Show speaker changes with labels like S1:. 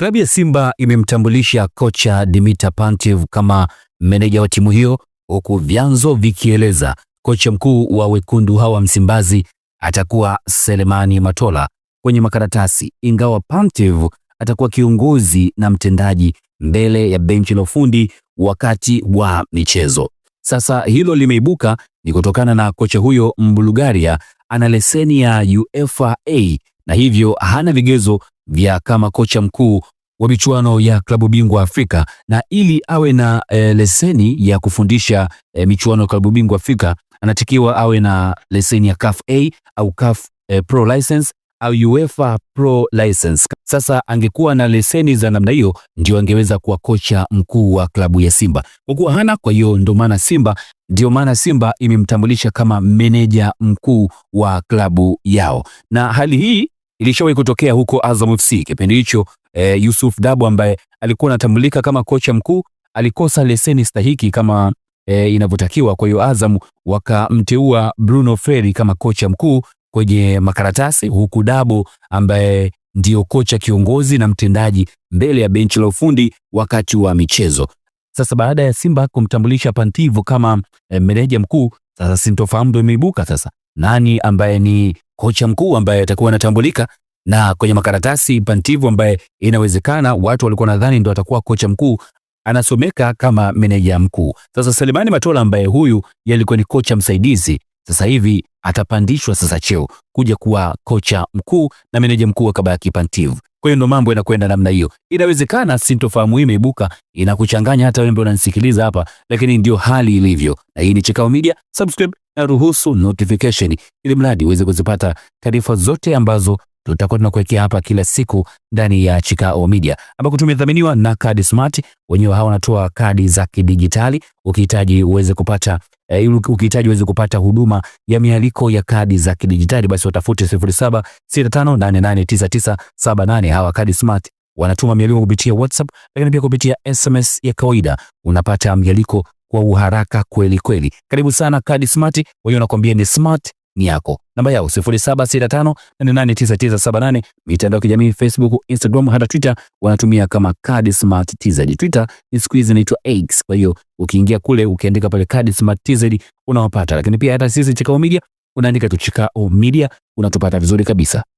S1: Klabu ya Simba imemtambulisha kocha Dimitar Pantev kama meneja wa timu hiyo, huku vyanzo vikieleza kocha mkuu wa wekundu hawa Msimbazi atakuwa Selemani Matola kwenye makaratasi, ingawa Pantev atakuwa kiongozi na mtendaji mbele ya benchi la ufundi wakati wa michezo. Sasa hilo limeibuka ni kutokana na kocha huyo Mbulgaria ana leseni ya UEFA A na hivyo hana vigezo vya kama kocha mkuu wa michuano ya klabu bingwa Afrika, na ili awe na e, leseni ya kufundisha e, michuano ya klabu bingwa Afrika anatakiwa awe na leseni ya CAF A au CAF e, Pro License au UEFA Pro License. Sasa angekuwa na leseni za namna hiyo, ndio angeweza kuwa kocha mkuu wa klabu ya Simba. Kwa kuwa hana, kwa hiyo ndio maana Simba ndio maana Simba imemtambulisha kama meneja mkuu wa klabu yao, na hali hii ilishawahi kutokea huko Azam FC kipindi hicho e, Yusuf Dabo ambaye alikuwa anatambulika kama kocha mkuu alikosa leseni stahiki kama e, inavyotakiwa. Kwa hiyo Azam wakamteua Bruno Ferri kama kocha mkuu kwenye makaratasi, huku Dabo ambaye ndio kocha kiongozi na mtendaji mbele ya benchi la ufundi wakati wa michezo. Sasa baada ya Simba kumtambulisha pantivu kama e, meneja mkuu, sasa sintofahamu ndio imeibuka sasa. Nani ambaye ni kocha mkuu ambaye atakuwa anatambulika na kwenye makaratasi pantivu ambaye inawezekana watu walikuwa nadhani ndio atakuwa kocha mkuu, anasomeka kama meneja mkuu. Sasa Selemani Matola ambaye huyu yalikuwa ni kocha msaidizi, sasa hivi atapandishwa sasa cheo kuja kuwa kocha mkuu na meneja mkuu Kabaki Pantev. Kwa hiyo ndo mambo yanakwenda namna hiyo. Inawezekana sintofahamu hii imeibuka inakuchanganya, hata wewe unanisikiliza hapa, lakini ndio hali ilivyo, na hii ni Chikao Media. Subscribe na ruhusu notification, ili mradi uweze kuzipata taarifa zote ambazo tutakuwa tunakuwekea hapa kila siku ndani ya Chikao Media, ambako tumedhaminiwa na Kadi Smart. Wenyewe hawa wanatoa kadi za kidijitali, ukihitaji uweze kupata Eh, ili ukihitaji uweze kupata huduma ya mialiko ya kadi za kidijitali basi watafute 0765889978. Hawa kadi smart wanatuma mialiko kupitia WhatsApp, lakini pia kupitia SMS ya kawaida unapata mialiko kwa uharaka kweli kweli. Karibu sana kadi smart, wao wanakuambia ni smart ni yako. Namba yao 0765889978. Mitandao ya kijamii Facebook, Instagram hata Twitter wanatumia kama Card Smart TZ. Twitter ni siku hizi inaitwa X. Kwa hiyo ukiingia kule ukiandika pale Card Smart TZ unawapata, lakini pia hata sisi Chikao Media unaandika tu Chikao Media unatupata vizuri kabisa.